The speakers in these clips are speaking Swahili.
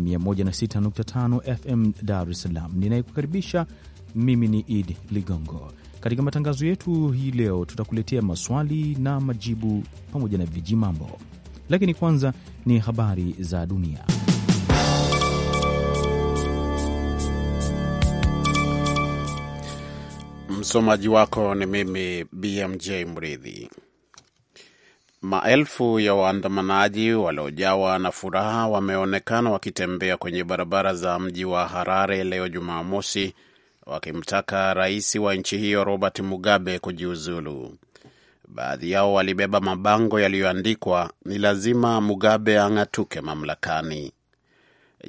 106.5 FM Dar es Salaam. Ninayekukaribisha mimi ni id Ligongo. Katika matangazo yetu hii leo, tutakuletea maswali na majibu pamoja na viji mambo, lakini kwanza ni habari za dunia. Msomaji wako ni mimi BMJ Mridhi. Maelfu ya waandamanaji waliojawa na furaha wameonekana wakitembea kwenye barabara za mji wa Harare leo Jumamosi, wakimtaka rais wa nchi hiyo Robert Mugabe kujiuzulu. Baadhi yao walibeba mabango yaliyoandikwa ni lazima Mugabe ang'atuke mamlakani.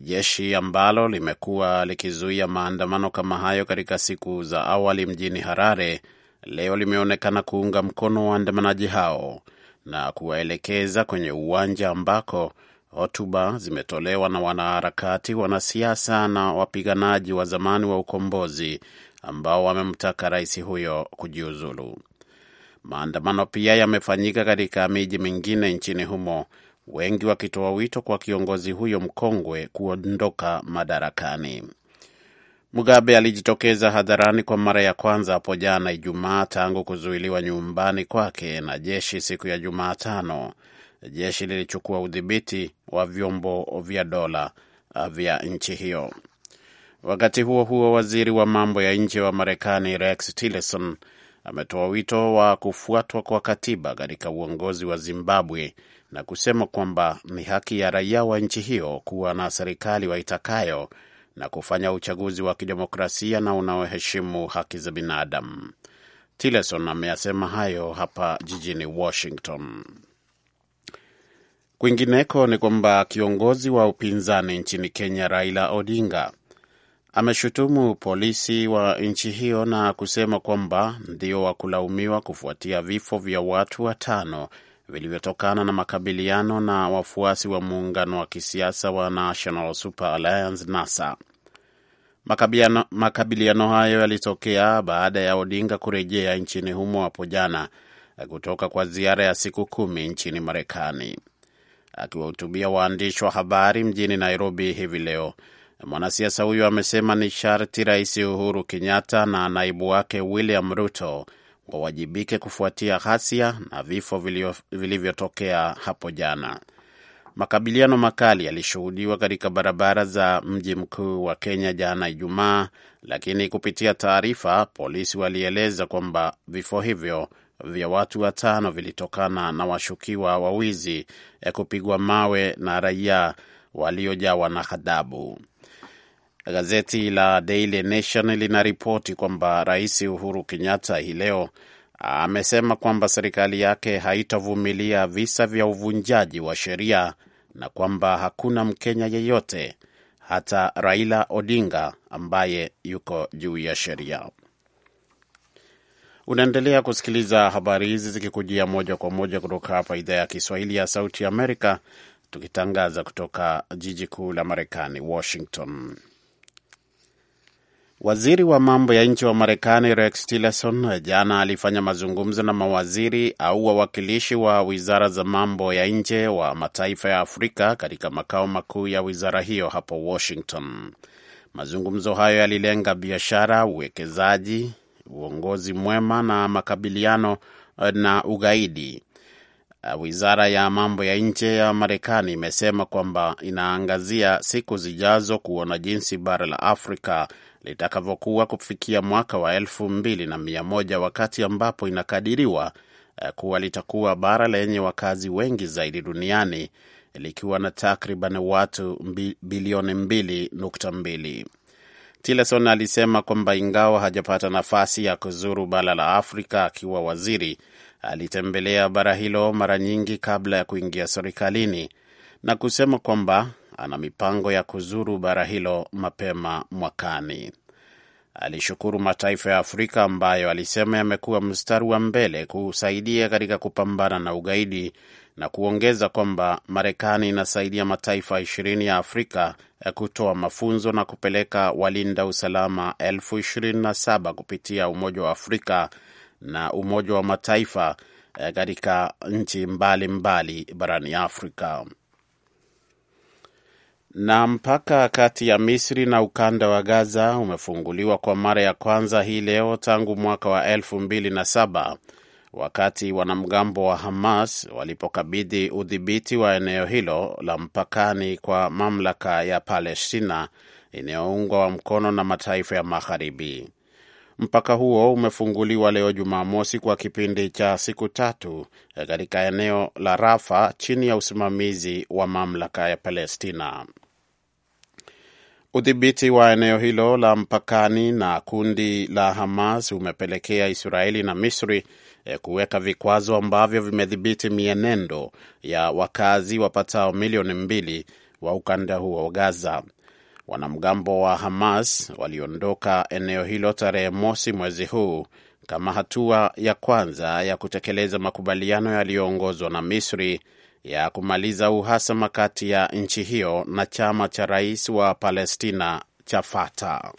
Jeshi ambalo limekuwa likizuia maandamano kama hayo katika siku za awali mjini Harare leo limeonekana kuunga mkono waandamanaji hao na kuwaelekeza kwenye uwanja ambako hotuba zimetolewa na wanaharakati, wanasiasa na wapiganaji wa zamani wa ukombozi ambao wamemtaka rais huyo kujiuzulu. Maandamano pia yamefanyika katika miji mingine nchini humo, wengi wakitoa wito kwa kiongozi huyo mkongwe kuondoka madarakani. Mugabe alijitokeza hadharani kwa mara ya kwanza hapo jana Ijumaa tangu kuzuiliwa nyumbani kwake na jeshi siku ya Jumatano. Jeshi lilichukua udhibiti wa vyombo vya dola uh, vya nchi hiyo. Wakati huo huo, waziri wa mambo ya nje wa Marekani Rex Tillerson ametoa wito wa kufuatwa kwa katiba katika uongozi wa Zimbabwe na kusema kwamba ni haki ya raia wa nchi hiyo kuwa na serikali waitakayo na kufanya uchaguzi wa kidemokrasia na unaoheshimu haki za binadamu. Tillerson ameyasema hayo hapa jijini Washington. Kwingineko ni kwamba kiongozi wa upinzani nchini Kenya Raila Odinga ameshutumu polisi wa nchi hiyo na kusema kwamba ndio wa kulaumiwa kufuatia vifo vya watu watano vilivyotokana na makabiliano na wafuasi wa muungano wa kisiasa wa National Super Alliance NASA. Makabiliano, makabiliano hayo yalitokea baada ya Odinga kurejea nchini humo hapo jana kutoka kwa ziara ya siku kumi nchini Marekani. Akiwahutubia waandishi wa habari mjini Nairobi hivi leo, mwanasiasa huyo amesema ni sharti Rais Uhuru Kenyatta na naibu wake William Ruto wawajibike kufuatia ghasia na vifo vilivyotokea hapo jana. Makabiliano makali yalishuhudiwa katika barabara za mji mkuu wa Kenya jana Ijumaa, lakini kupitia taarifa, polisi walieleza kwamba vifo hivyo vya watu watano vilitokana na washukiwa wawizi eh, kupigwa mawe na raia waliojawa na ghadhabu. Gazeti la Daily Nation linaripoti kwamba Rais Uhuru Kenyatta hii leo amesema kwamba serikali yake haitavumilia visa vya uvunjaji wa sheria na kwamba hakuna Mkenya yeyote hata Raila Odinga ambaye yuko juu ya sheria. Unaendelea kusikiliza habari hizi zikikujia moja kwa moja kutoka hapa idhaa ya Kiswahili ya Sauti ya Amerika, tukitangaza kutoka jiji kuu la Marekani, Washington. Waziri wa mambo ya nchi wa Marekani Rex Tillerson jana alifanya mazungumzo na mawaziri au wawakilishi wa wizara za mambo ya nje wa mataifa ya Afrika katika makao makuu ya wizara hiyo hapo Washington. Mazungumzo hayo yalilenga biashara, uwekezaji, uongozi mwema na makabiliano eh, na ugaidi. Eh, wizara ya mambo ya nje ya Marekani imesema kwamba inaangazia siku zijazo kuona jinsi bara la Afrika litakavyokuwa kufikia mwaka wa elfu mbili na mia moja wakati ambapo inakadiriwa eh, kuwa litakuwa bara lenye wakazi wengi zaidi duniani likiwa na takriban watu bilioni mbili nukta mbili. Tillerson alisema kwamba ingawa hajapata nafasi ya kuzuru bara la Afrika akiwa waziri, alitembelea bara hilo mara nyingi kabla ya kuingia serikalini na kusema kwamba ana mipango ya kuzuru bara hilo mapema mwakani. Alishukuru mataifa ya Afrika ambayo alisema yamekuwa mstari wa mbele kusaidia katika kupambana na ugaidi na kuongeza kwamba Marekani inasaidia mataifa ishirini ya Afrika ya kutoa mafunzo na kupeleka walinda usalama elfu ishirini na saba kupitia Umoja wa Afrika na Umoja wa Mataifa katika nchi mbalimbali barani Afrika. Na mpaka kati ya Misri na ukanda wa Gaza umefunguliwa kwa mara ya kwanza hii leo tangu mwaka wa elfu mbili na saba wakati wanamgambo wa Hamas walipokabidhi udhibiti wa eneo hilo la mpakani kwa mamlaka ya Palestina inayoungwa mkono na mataifa ya Magharibi. Mpaka huo umefunguliwa leo Jumamosi kwa kipindi cha siku tatu katika eneo la Rafa chini ya usimamizi wa mamlaka ya Palestina. Udhibiti wa eneo hilo la mpakani na kundi la Hamas umepelekea Israeli na Misri eh, kuweka vikwazo ambavyo vimedhibiti mienendo ya wakazi wapatao milioni mbili wa ukanda huo wa Gaza. Wanamgambo wa Hamas waliondoka eneo hilo tarehe mosi mwezi huu kama hatua ya kwanza ya kutekeleza makubaliano yaliyoongozwa na Misri ya kumaliza uhasama kati ya nchi hiyo na chama cha rais wa Palestina cha Fatah.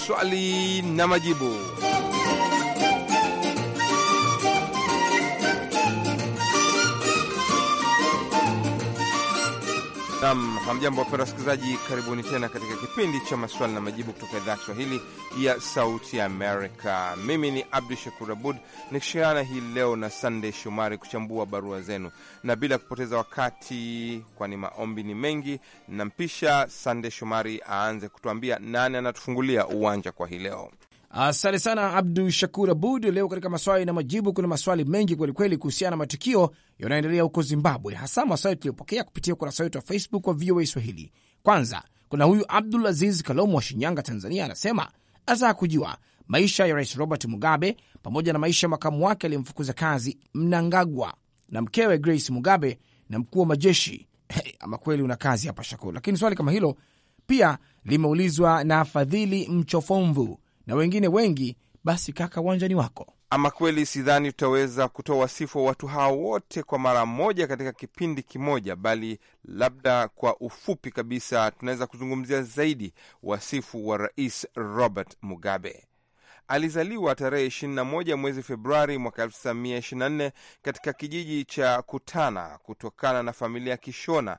maswali na majibu. Nam, hamjambo wapenda wasikilizaji, karibuni tena katika kipindi cha maswali na majibu kutoka idhaa ya Kiswahili ya Sauti ya Amerika. Mimi ni Abdu Shakur Abud nikishirikiana hii leo na Sandey Shomari kuchambua barua zenu, na bila kupoteza wakati, kwani maombi ni mengi, nampisha Sandey Shomari aanze kutuambia nani anatufungulia uwanja kwa hii leo. Asante sana Abdu Shakur Abud. Leo katika maswali na majibu, kuna maswali mengi kwelikweli kuhusiana na matukio yanayoendelea huko Zimbabwe, hasa maswali tuliyopokea kupitia ukurasa wetu wa Facebook wa VOA Swahili. Kwanza kuna huyu Abdul Aziz Kalomu wa Shinyanga, Tanzania, anasema ataka kujua maisha ya Rais Robert Mugabe pamoja na maisha ya makamu wake aliyemfukuza kazi Mnangagwa na mkewe Grace Mugabe na mkuu wa majeshi. Hey, ama kweli una kazi hapa Shakur. Lakini swali kama hilo pia limeulizwa na Fadhili Mchofomvu na wengine wengi, basi kaka, uwanjani wako. Ama kweli, sidhani tutaweza kutoa wasifu wa watu hao wote kwa mara moja katika kipindi kimoja, bali labda kwa ufupi kabisa tunaweza kuzungumzia zaidi wasifu wa Rais Robert Mugabe. Alizaliwa tarehe 21 mwezi Februari mwaka 1924 katika kijiji cha Kutana kutokana na familia ya Kishona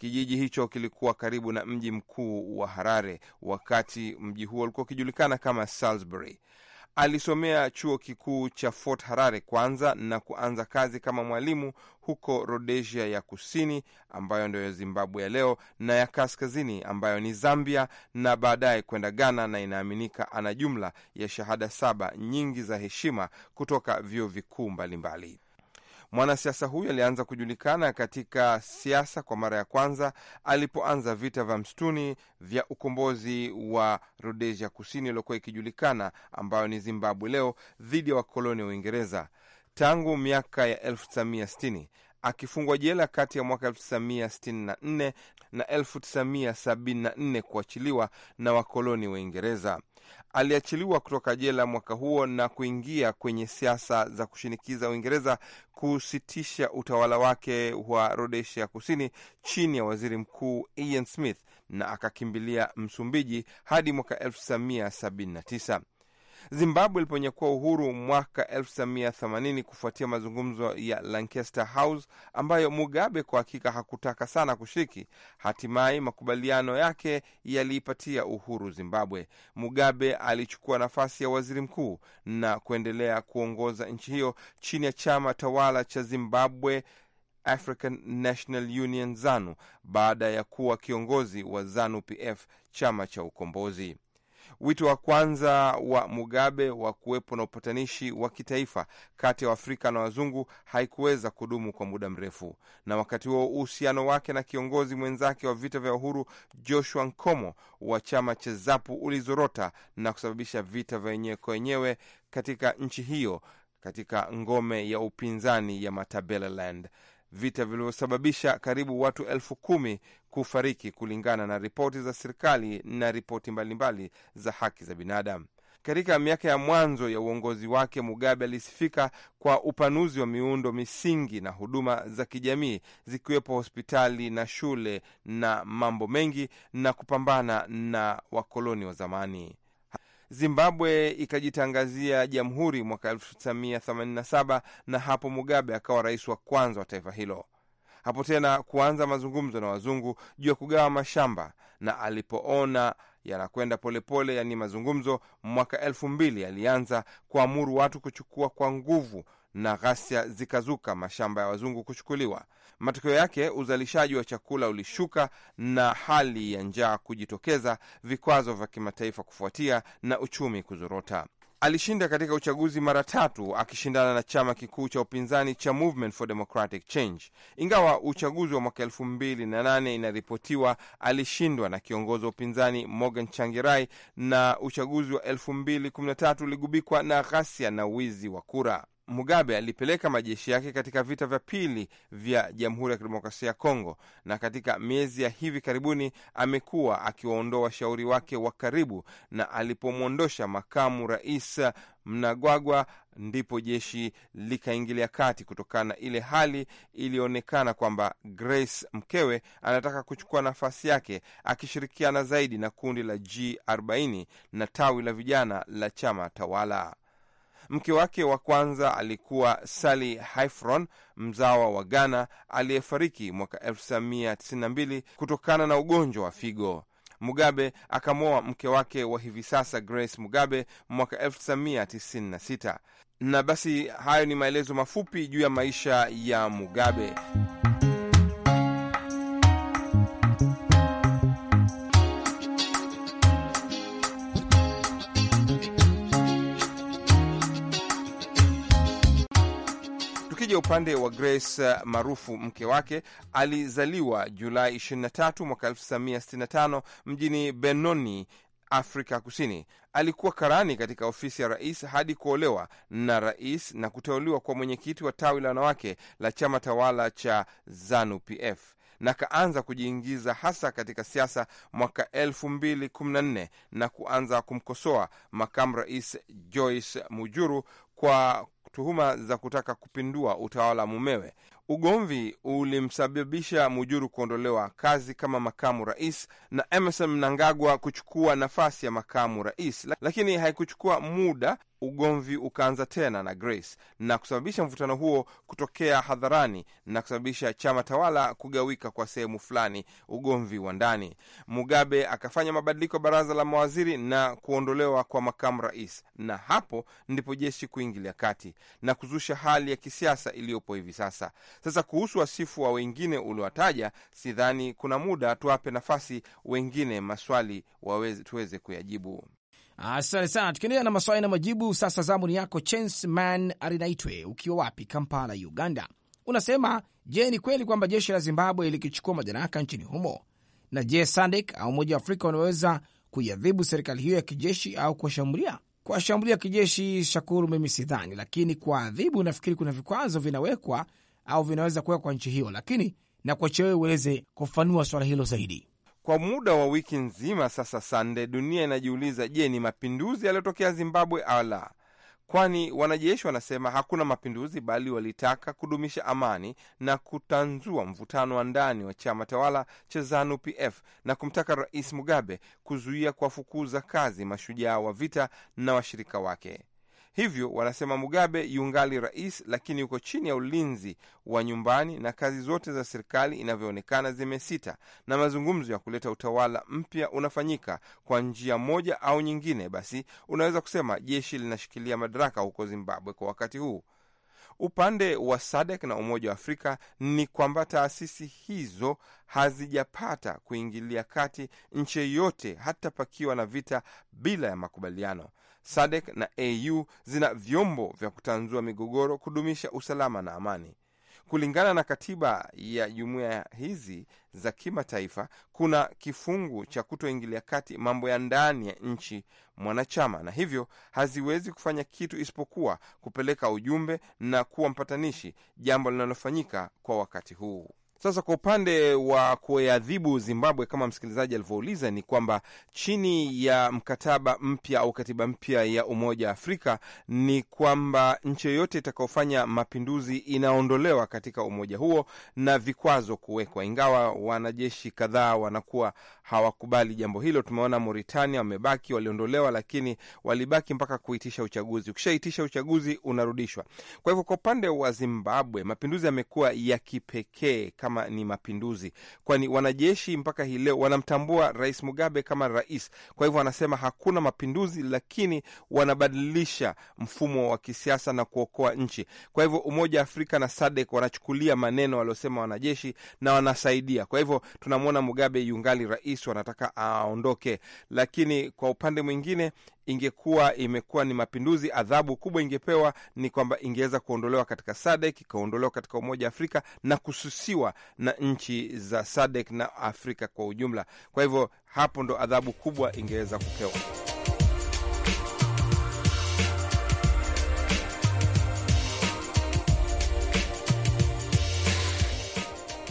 Kijiji hicho kilikuwa karibu na mji mkuu wa Harare, wakati mji huo ulikuwa ukijulikana kama Salisbury. Alisomea chuo kikuu cha Fort Harare kwanza na kuanza kazi kama mwalimu huko Rhodesia ya kusini ambayo ndio Zimbabwe ya leo na ya kaskazini ambayo ni Zambia, na baadaye kwenda Ghana, na inaaminika ana jumla ya shahada saba nyingi za heshima kutoka vyuo vikuu mbalimbali. Mwanasiasa huyu alianza kujulikana katika siasa kwa mara ya kwanza alipoanza vita vya msituni vya ukombozi wa Rhodesia Kusini iliyokuwa ikijulikana ambayo ni Zimbabwe leo dhidi ya wakoloni wa Uingereza tangu miaka ya 1960 akifungwa jela kati ya mwaka 1964 na 1974 kuachiliwa na wakoloni wa uingereza Aliachiliwa kutoka jela mwaka huo na kuingia kwenye siasa za kushinikiza Uingereza kusitisha utawala wake wa Rhodesia Kusini chini ya waziri mkuu Ian Smith na akakimbilia Msumbiji hadi mwaka 1979. Zimbabwe iliponyakua uhuru mwaka 1980 kufuatia mazungumzo ya Lancaster House ambayo Mugabe kwa hakika hakutaka sana kushiriki. Hatimaye makubaliano yake yaliipatia uhuru Zimbabwe. Mugabe alichukua nafasi ya waziri mkuu na kuendelea kuongoza nchi hiyo chini ya chama tawala cha Zimbabwe African National Union ZANU baada ya kuwa kiongozi wa ZANU PF, chama cha ukombozi. Wito wa kwanza wa Mugabe wa kuwepo na upatanishi wa kitaifa kati ya Waafrika na wazungu haikuweza kudumu kwa muda mrefu, na wakati huo uhusiano wake na kiongozi mwenzake wa vita vya uhuru Joshua Nkomo wa chama cha ZAPU ulizorota na kusababisha vita vya wenyewe kwa wenyewe katika nchi hiyo katika ngome ya upinzani ya Matabeleland vita vilivyosababisha karibu watu elfu kumi kufariki kulingana na ripoti za serikali na ripoti mbalimbali za haki za binadamu. Katika miaka ya mwanzo ya uongozi wake, Mugabe alisifika kwa upanuzi wa miundo misingi na huduma za kijamii zikiwepo hospitali na shule na mambo mengi, na kupambana na wakoloni wa zamani. Zimbabwe ikajitangazia jamhuri mwaka 1987 na hapo Mugabe akawa rais wa kwanza wa taifa hilo. Hapo tena kuanza mazungumzo na wazungu juu ya kugawa mashamba, na alipoona yanakwenda polepole, yaani mazungumzo, mwaka elfu mbili alianza kuamuru watu kuchukua kwa nguvu na ghasia zikazuka, mashamba ya wazungu kuchukuliwa. Matokeo yake uzalishaji wa chakula ulishuka na hali ya njaa kujitokeza, vikwazo vya kimataifa kufuatia na uchumi kuzorota. Alishinda katika uchaguzi mara tatu akishindana na chama kikuu cha upinzani cha Movement for Democratic Change. Ingawa uchaguzi wa mwaka elfu mbili na nane inaripotiwa alishindwa na kiongozi wa upinzani Morgan Changirai, na uchaguzi wa elfu mbili kumi na tatu uligubikwa na ghasia na wizi wa kura. Mugabe alipeleka majeshi yake katika vita vya pili vya Jamhuri ya Kidemokrasia ya Kongo, na katika miezi ya hivi karibuni amekuwa akiwaondoa washauri wake wa karibu, na alipomwondosha makamu rais mnagwagwa ndipo jeshi likaingilia kati, kutokana na ile hali iliyoonekana kwamba Grace mkewe anataka kuchukua nafasi yake, akishirikiana zaidi na kundi la G40 na tawi la vijana la chama tawala. Mke wake wa kwanza alikuwa sali Hifron, mzawa wa Ghana aliyefariki mwaka 1992 kutokana na ugonjwa wa figo. Mugabe akamwoa mke wake wa hivi sasa Grace Mugabe mwaka 1996. Na basi hayo ni maelezo mafupi juu ya maisha ya Mugabe. upande wa Grace eh, maarufu mke wake, alizaliwa Julai 23 mwaka 1965 mjini Benoni, Afrika Kusini. Alikuwa karani katika ofisi ya rais hadi kuolewa na rais na kuteuliwa kwa mwenyekiti wa tawi la wanawake la chama tawala cha ZANU-PF na kaanza kujiingiza hasa katika siasa mwaka 2014 na kuanza kumkosoa makamu rais Joyce Mujuru kwa tuhuma za kutaka kupindua utawala mumewe. Ugomvi ulimsababisha Mujuru kuondolewa kazi kama makamu rais na Emerson Mnangagwa kuchukua nafasi ya makamu rais, lakini haikuchukua muda ugomvi ukaanza tena na Grace na kusababisha mvutano huo kutokea hadharani na kusababisha chama tawala kugawika kwa sehemu fulani, ugomvi wa ndani. Mugabe akafanya mabadiliko ya baraza la mawaziri na kuondolewa kwa makamu rais, na hapo ndipo jeshi kuingilia kati na kuzusha hali ya kisiasa iliyopo hivi sasa. Sasa kuhusu wasifu wa wengine uliowataja, sidhani kuna muda, tuwape nafasi wengine maswali waweze, tuweze kuyajibu. Asante sana. Tukiendelea na maswali na majibu, sasa zamu ni yako man Arinaitwe, ukiwa wapi? Kampala, Uganda. Unasema, je, ni kweli kwamba jeshi la Zimbabwe likichukua madaraka nchini humo, na je SADC au Umoja wa Afrika wanaweza kuiadhibu serikali hiyo ya kijeshi au kuwashambulia? Kuwashambulia kijeshi, Shakuru, mimi sidhani, lakini adhibu, nafikiri kuna vikwazo vinawekwa au vinaweza kuwekwa kwa nchi hiyo, lakini na kuacha wewe uweze kufanua swala hilo zaidi. Kwa muda wa wiki nzima sasa, Sande, dunia inajiuliza, je, ni mapinduzi yaliyotokea Zimbabwe ala? Kwani wanajeshi wanasema hakuna mapinduzi, bali walitaka kudumisha amani na kutanzua mvutano wa ndani wa chama tawala cha ZANU-PF na kumtaka Rais Mugabe kuzuia kuwafukuza kazi mashujaa wa vita na washirika wake. Hivyo wanasema Mugabe yungali rais, lakini yuko chini ya ulinzi wa nyumbani na kazi zote za serikali inavyoonekana zimesita, na mazungumzo ya kuleta utawala mpya unafanyika kwa njia moja au nyingine. Basi unaweza kusema jeshi linashikilia madaraka huko Zimbabwe kwa wakati huu. Upande wa SADC na Umoja wa Afrika ni kwamba taasisi hizo hazijapata kuingilia kati nchi yeyote, hata pakiwa na vita, bila ya makubaliano. SADC na AU zina vyombo vya kutanzua migogoro, kudumisha usalama na amani. Kulingana na katiba ya jumuiya hizi za kimataifa, kuna kifungu cha kutoingilia kati mambo ya ndani ya nchi mwanachama, na hivyo haziwezi kufanya kitu isipokuwa kupeleka ujumbe na kuwa mpatanishi, jambo linalofanyika kwa wakati huu. Sasa kwa upande wa kuadhibu Zimbabwe, kama msikilizaji alivyouliza, ni kwamba chini ya mkataba mpya au katiba mpya ya Umoja wa Afrika ni kwamba nchi yoyote itakayofanya mapinduzi inaondolewa katika umoja huo na vikwazo kuwekwa, ingawa wanajeshi kadhaa wanakuwa hawakubali jambo hilo. Tumeona Mauritania wamebaki, waliondolewa, lakini walibaki mpaka kuitisha uchaguzi. Ukishaitisha uchaguzi unarudishwa. Kwa hivyo, kwa upande wa Zimbabwe mapinduzi yamekuwa ya kipekee kama ni mapinduzi, kwani wanajeshi mpaka hii leo wanamtambua Rais Mugabe kama rais. Kwa hivyo wanasema hakuna mapinduzi, lakini wanabadilisha mfumo wa kisiasa na kuokoa nchi. Kwa hivyo Umoja wa Afrika na SADC wanachukulia maneno waliosema wanajeshi na wanasaidia. Kwa hivyo tunamwona Mugabe yungali rais, wanataka aondoke, lakini kwa upande mwingine ingekuwa imekuwa ni mapinduzi, adhabu kubwa ingepewa ni kwamba ingeweza kuondolewa katika SADC, ikaondolewa katika Umoja wa Afrika na kususiwa na nchi za SADC na Afrika kwa ujumla. Kwa hivyo hapo ndo adhabu kubwa ingeweza kupewa.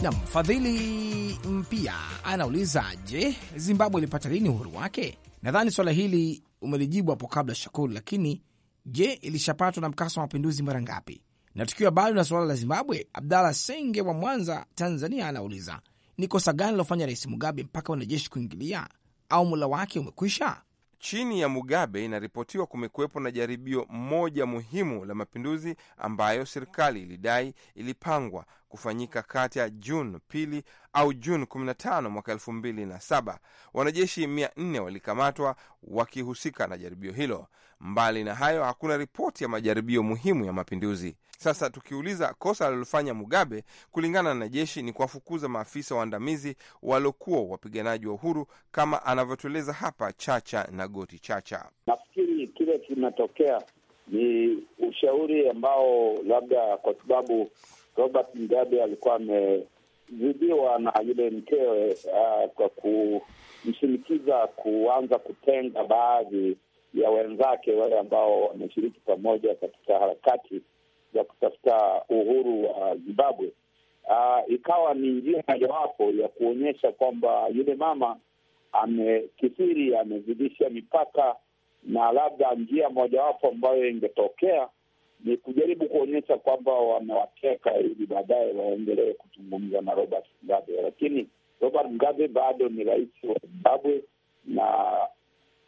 nam fadhili Mpia anauliza je, Zimbabwe ilipata lini uhuru wake? Nadhani swala hili umelijibu hapo kabla Shakuru, lakini je, ilishapatwa na mkasa wa mapinduzi mara ngapi? Na tukiwa bado na suala la Zimbabwe, Abdalla Senge wa Mwanza, Tanzania, anauliza ni kosa gani lilofanya Rais Mugabe mpaka wanajeshi kuingilia, au mula wake umekwisha? Chini ya Mugabe inaripotiwa kumekuwepo na jaribio moja muhimu la mapinduzi ambayo serikali ilidai ilipangwa kufanyika kati ya Juni pili au Juni 15 mwaka 2007. Wanajeshi 400 walikamatwa wakihusika na jaribio hilo. Mbali na hayo, hakuna ripoti ya majaribio muhimu ya mapinduzi. Sasa tukiuliza kosa alilofanya Mugabe kulingana na jeshi ni kuwafukuza maafisa waandamizi waliokuwa wapiganaji wa uhuru, kama anavyotueleza hapa Chacha na Goti Chacha. Nafikiri kile kinatokea ni ushauri ambao labda kwa sababu Robert Mugabe alikuwa amezidiwa na yule mkewe uh, kwa kumshinikiza kuanza kutenga baadhi ya wenzake wale ambao wameshiriki pamoja katika harakati za kutafuta uhuru wa uh, Zimbabwe. Uh, ikawa ni njia mojawapo ya kuonyesha kwamba yule mama amekithiri, amezidisha mipaka, na labda njia mojawapo ambayo ingetokea ni kujaribu kuonyesha kwamba wamewateka ili baadaye waendelee kuzungumza na Robert Mugabe. Lakini Robert Mugabe bado ni rais wa Zimbabwe, na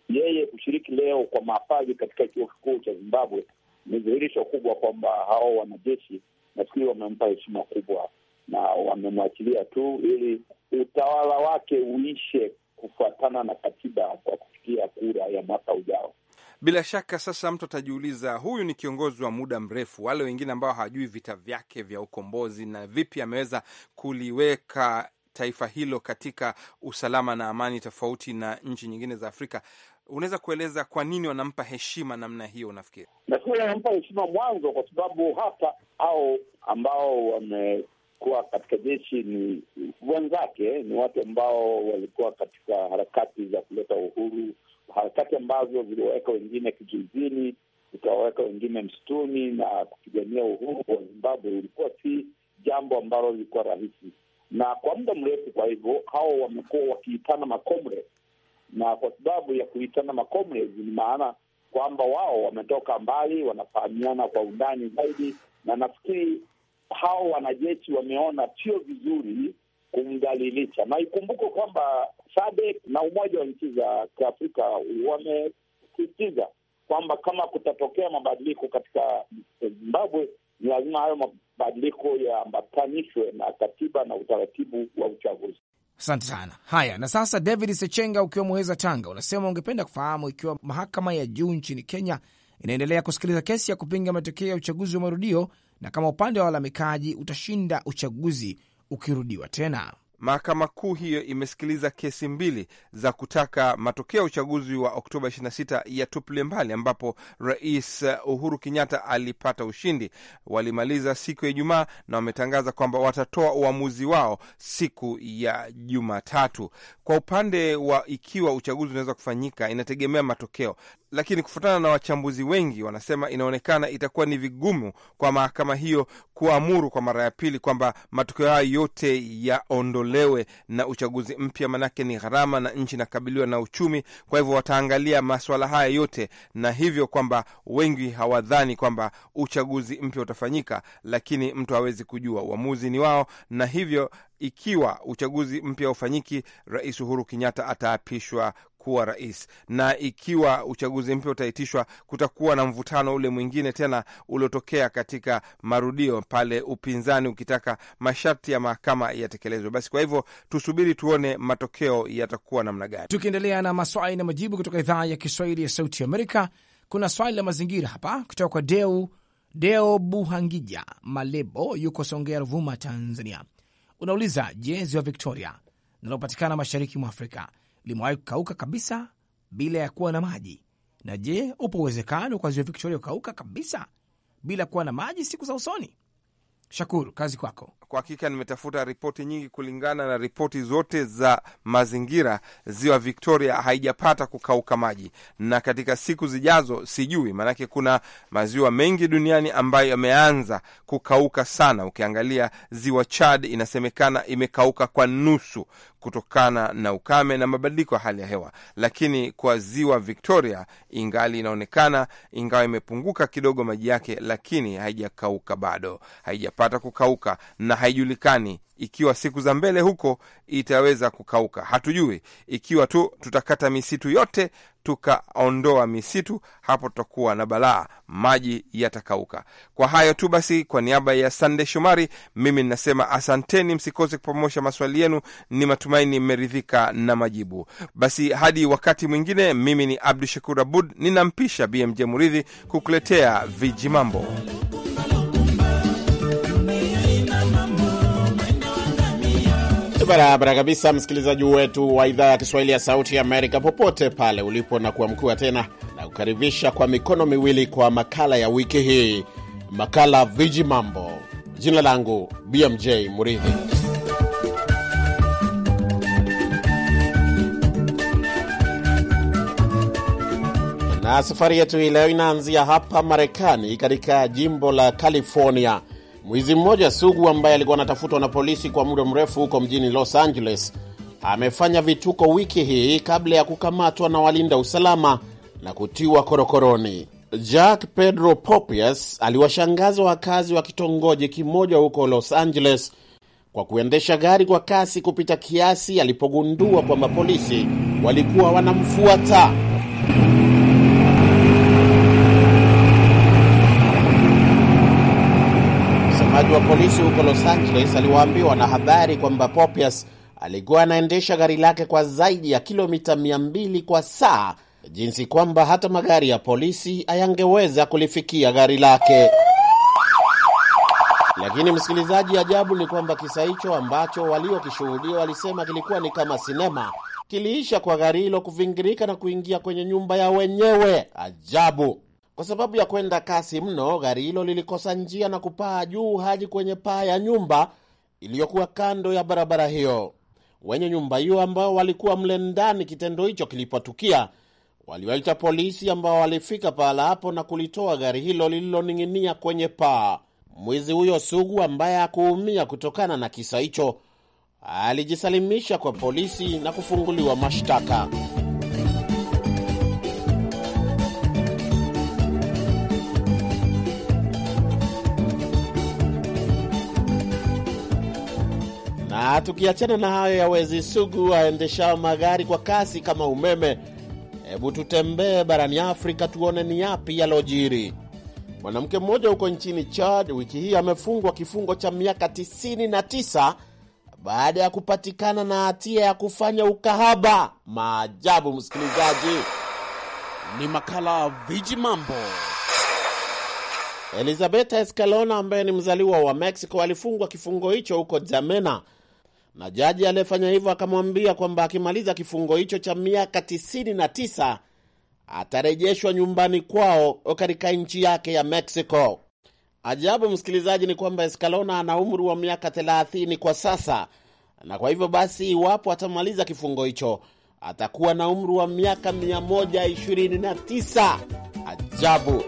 yeye kushiriki leo kwa mahafali katika chuo kikuu cha Zimbabwe ni dhihirisho kubwa kwamba hao wanajeshi nafikiri wamempa heshima kubwa na wamemwachilia tu ili utawala wake uishe kufuatana na katiba kwa kufikia kura ya mwaka ujao. Bila shaka sasa mtu atajiuliza, huyu ni kiongozi wa muda mrefu. Wale wengine ambao hawajui vita vyake vya ukombozi na vipi ameweza kuliweka taifa hilo katika usalama na amani, tofauti na nchi nyingine za Afrika. Unaweza kueleza kwa nini wanampa heshima namna hiyo? Unafikiri nafikiri wanampa heshima mwanzo, kwa sababu hapa au ambao wamekuwa katika jeshi ni wenzake, ni watu ambao walikuwa katika harakati za kuleta uhuru harakati ambazo ziliwaweka wengine kizuizini, zikawaweka wengine msituni na kupigania uhuru wa Zimbabwe ulikuwa si jambo ambalo lilikuwa rahisi na kwa muda mrefu. Kwa hivyo hao wamekuwa wakiitana makomre, na kwa sababu ya kuitana makomre ni maana kwamba wao wametoka mbali, wanafahamiana kwa undani zaidi, na nafikiri hao wanajeshi wameona sio vizuri kumdhalilisha, na ikumbuke kwamba SADC na Umoja wa Nchi za Kiafrika wamesisitiza kwamba kama kutatokea mabadiliko katika Zimbabwe, ni lazima hayo mabadiliko yaambatanishwe na katiba na utaratibu wa uchaguzi. Asante sana. Haya, na sasa David Sechenga, ukiwa Muheza, Tanga, unasema ungependa kufahamu ikiwa mahakama ya juu nchini Kenya inaendelea kusikiliza kesi ya kupinga matokeo ya uchaguzi wa marudio na kama upande wa walalamikaji utashinda uchaguzi ukirudiwa tena. Mahakama Kuu hiyo imesikiliza kesi mbili za kutaka matokeo ya uchaguzi wa Oktoba 26 yatupiliwe mbali, ambapo Rais Uhuru Kenyatta alipata ushindi. Walimaliza siku ya Ijumaa na wametangaza kwamba watatoa uamuzi wao siku ya Jumatatu. Kwa upande wa ikiwa uchaguzi unaweza kufanyika, inategemea matokeo lakini kufuatana na wachambuzi wengi, wanasema inaonekana itakuwa ni vigumu kwa mahakama hiyo kuamuru kwa mara ya pili kwamba matokeo hayo yote yaondolewe na uchaguzi mpya, manake ni gharama na nchi inakabiliwa na uchumi. Kwa hivyo wataangalia maswala haya yote, na hivyo kwamba wengi hawadhani kwamba uchaguzi mpya utafanyika, lakini mtu hawezi kujua, uamuzi ni wao, na hivyo ikiwa uchaguzi mpya ufanyiki, Rais Uhuru Kenyatta ataapishwa kuwa rais, na ikiwa uchaguzi mpya utaitishwa, kutakuwa na mvutano ule mwingine tena uliotokea katika marudio pale, upinzani ukitaka masharti ya mahakama yatekelezwe. Basi kwa hivyo tusubiri tuone matokeo yatakuwa namna gani. Tukiendelea na maswali na majibu kutoka idhaa ya Kiswahili ya Sauti Amerika, kuna swali la mazingira hapa kutoka kwa Deu Deo Buhangija Malebo, yuko Songea, Ruvuma, Tanzania. Unauliza, je, ziwa Victoria linalopatikana mashariki mwa Afrika limewahi kukauka kabisa bila ya kuwa na maji. Na je, upo uwezekano kwa ziwa Victoria kukauka kabisa bila kuwa na maji siku za usoni? Shakuru, kazi kwako. Kwa hakika nimetafuta ripoti nyingi, kulingana na ripoti zote za mazingira, ziwa Victoria haijapata kukauka maji, na katika siku zijazo sijui, maanake kuna maziwa mengi duniani ambayo yameanza kukauka sana. Ukiangalia ziwa Chad inasemekana imekauka kwa nusu kutokana na ukame na mabadiliko ya hali ya hewa, lakini kwa ziwa Victoria ingali inaonekana, ingawa imepunguka kidogo maji yake, lakini haijakauka bado, haijapata kukauka na haijulikani ikiwa siku za mbele huko itaweza kukauka, hatujui. Ikiwa tu tutakata misitu yote, tukaondoa misitu, hapo tutakuwa na balaa, maji yatakauka. Kwa hayo tu basi, kwa niaba ya Sande Shomari, mimi ninasema asanteni, msikose kupomosha maswali yenu. Ni matumaini mmeridhika na majibu. Basi hadi wakati mwingine, mimi ni Abdu Shakur Abud, ninampisha BMJ Muridhi kukuletea viji mambo barabara kabisa, msikilizaji wetu wa idhaa ya Kiswahili ya Sauti Amerika, popote pale ulipo, na kuamkiwa tena na kukaribisha kwa mikono miwili kwa makala ya wiki hii, makala Viji Mambo. Jina langu BMJ Muridhi. Na safari yetu hii leo inaanzia hapa Marekani, katika jimbo la California Mwizi mmoja sugu ambaye alikuwa anatafutwa na polisi kwa muda mrefu huko mjini Los Angeles amefanya vituko wiki hii kabla ya kukamatwa na walinda usalama na kutiwa korokoroni. Jack Pedro Popius aliwashangaza wakazi wa kitongoji kimoja huko Los Angeles kwa kuendesha gari kwa kasi kupita kiasi alipogundua kwamba polisi walikuwa wanamfuata. Msemaji wa polisi huko Los Angeles aliwaambia wanahabari kwamba Popius alikuwa anaendesha gari lake kwa zaidi ya kilomita 200 kwa saa, jinsi kwamba hata magari ya polisi hayangeweza kulifikia gari lake. Lakini msikilizaji, ajabu ni kwamba kisa hicho ambacho waliokishuhudia walisema kilikuwa ni kama sinema kiliisha kwa gari hilo kuvingirika na kuingia kwenye nyumba ya wenyewe. Ajabu. Kwa sababu ya kwenda kasi mno, gari hilo lilikosa njia na kupaa juu hadi kwenye paa ya nyumba iliyokuwa kando ya barabara hiyo. Wenye nyumba hiyo ambao walikuwa mle ndani kitendo hicho kilipotukia, waliwaita polisi ambao walifika pahala hapo na kulitoa gari hilo lililoning'inia kwenye paa. Mwizi huyo sugu ambaye hakuumia kutokana na kisa hicho alijisalimisha kwa polisi na kufunguliwa mashtaka. tukiachana na hayo ya wezi sugu waendeshao magari kwa kasi kama umeme, hebu tutembee barani Afrika tuone ni yapi yalojiri. Mwanamke mmoja huko nchini Chad wiki hii amefungwa kifungo cha miaka 99 baada ya kupatikana na hatia ya kufanya ukahaba. Maajabu, msikilizaji, ni makala Viji Mambo. Elizabeth Escalona ambaye ni mzaliwa wa Mexico alifungwa kifungo hicho huko Jamena na jaji aliyefanya hivyo akamwambia kwamba akimaliza kifungo hicho cha miaka 99 atarejeshwa nyumbani kwao katika nchi yake ya Mexico. Ajabu msikilizaji, ni kwamba Escalona ana umri wa miaka 30 kwa sasa, na kwa hivyo basi, iwapo atamaliza kifungo hicho atakuwa na umri wa miaka 129. Ajabu.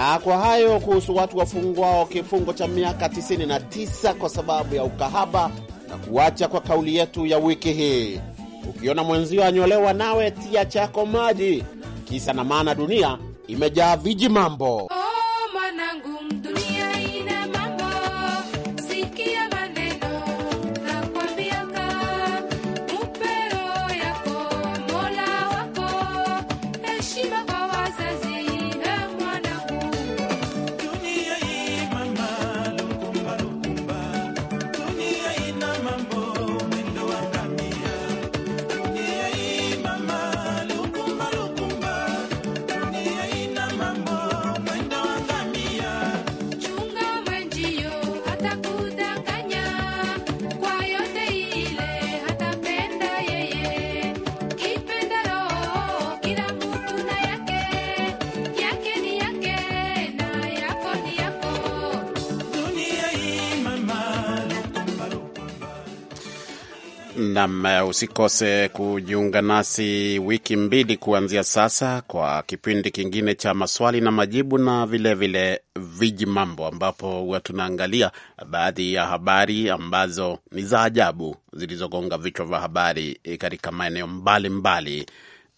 Na kwa hayo kuhusu watu wafungwao kifungo cha miaka 99 kwa sababu ya ukahaba, na kuacha kwa kauli yetu ya wiki hii, ukiona mwenzio anyolewa nawe tia chako maji. Kisa na maana, dunia imejaa viji mambo. Nam, eh, usikose kujiunga nasi wiki mbili kuanzia sasa kwa kipindi kingine cha maswali na majibu na vilevile viji mambo, ambapo huwa tunaangalia baadhi ya habari ambazo ni za ajabu zilizogonga vichwa vya habari eh, katika maeneo mbalimbali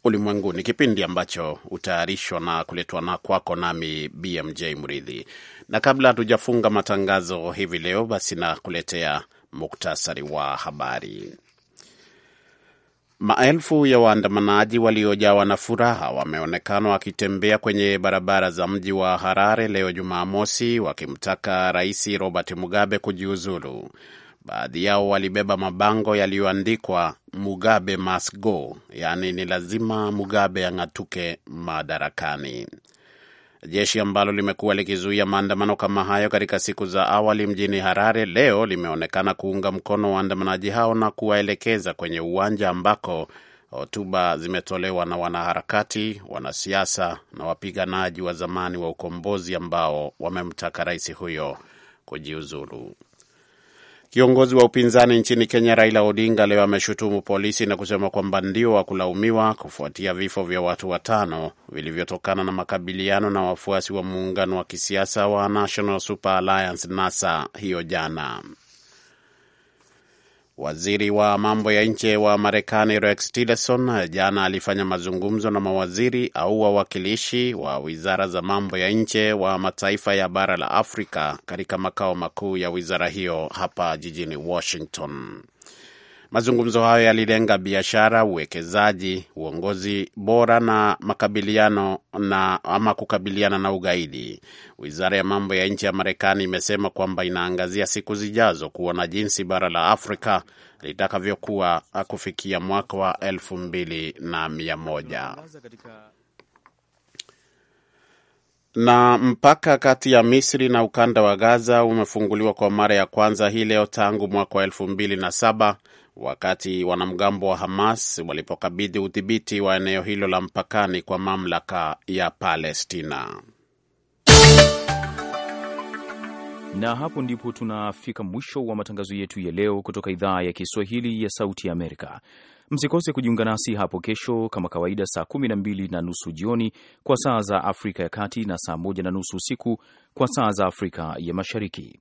ulimwenguni, kipindi ambacho hutayarishwa na kuletwa na kwako nami BMJ Mridhi. Na kabla hatujafunga matangazo hivi leo, basi nakuletea muktasari wa habari. Maelfu ya waandamanaji waliojawa na furaha wameonekana wakitembea kwenye barabara za mji wa Harare leo Jumamosi, wakimtaka Rais Robert Mugabe kujiuzulu. Baadhi yao walibeba mabango yaliyoandikwa Mugabe must go, yaani ni lazima Mugabe ang'atuke madarakani. Jeshi ambalo limekuwa likizuia maandamano kama hayo katika siku za awali mjini Harare leo limeonekana kuunga mkono waandamanaji hao na kuwaelekeza kwenye uwanja ambako hotuba zimetolewa na wanaharakati, wanasiasa na wapiganaji wa zamani wa ukombozi ambao wamemtaka rais huyo kujiuzulu. Kiongozi wa upinzani nchini Kenya Raila Odinga leo ameshutumu polisi na kusema kwamba ndio wa kulaumiwa kufuatia vifo vya watu watano vilivyotokana na makabiliano na wafuasi wa muungano wa kisiasa wa National Super Alliance NASA hiyo jana. Waziri wa mambo ya nje wa Marekani Rex Tillerson jana alifanya mazungumzo na mawaziri au wawakilishi wa wizara za mambo ya nje wa mataifa ya bara la Afrika katika makao makuu ya wizara hiyo hapa jijini Washington. Mazungumzo hayo yalilenga biashara, uwekezaji, uongozi bora na makabiliano na ama kukabiliana na ugaidi. Wizara ya mambo ya nje ya Marekani imesema kwamba inaangazia siku zijazo kuona jinsi bara la Afrika litakavyokuwa kufikia mwaka wa elfu mbili na mia moja na mpaka kati ya Misri na ukanda wa Gaza umefunguliwa kwa mara ya kwanza hii leo tangu mwaka wa elfu mbili na saba wakati wanamgambo wa Hamas walipokabidhi udhibiti wa eneo hilo la mpakani kwa mamlaka ya Palestina. Na hapo ndipo tunafika mwisho wa matangazo yetu ya leo kutoka idhaa ya Kiswahili ya Sauti ya Amerika. Msikose kujiunga nasi hapo kesho kama kawaida, saa kumi na mbili na nusu jioni kwa saa za Afrika ya Kati na saa moja na nusu usiku kwa saa za Afrika ya Mashariki.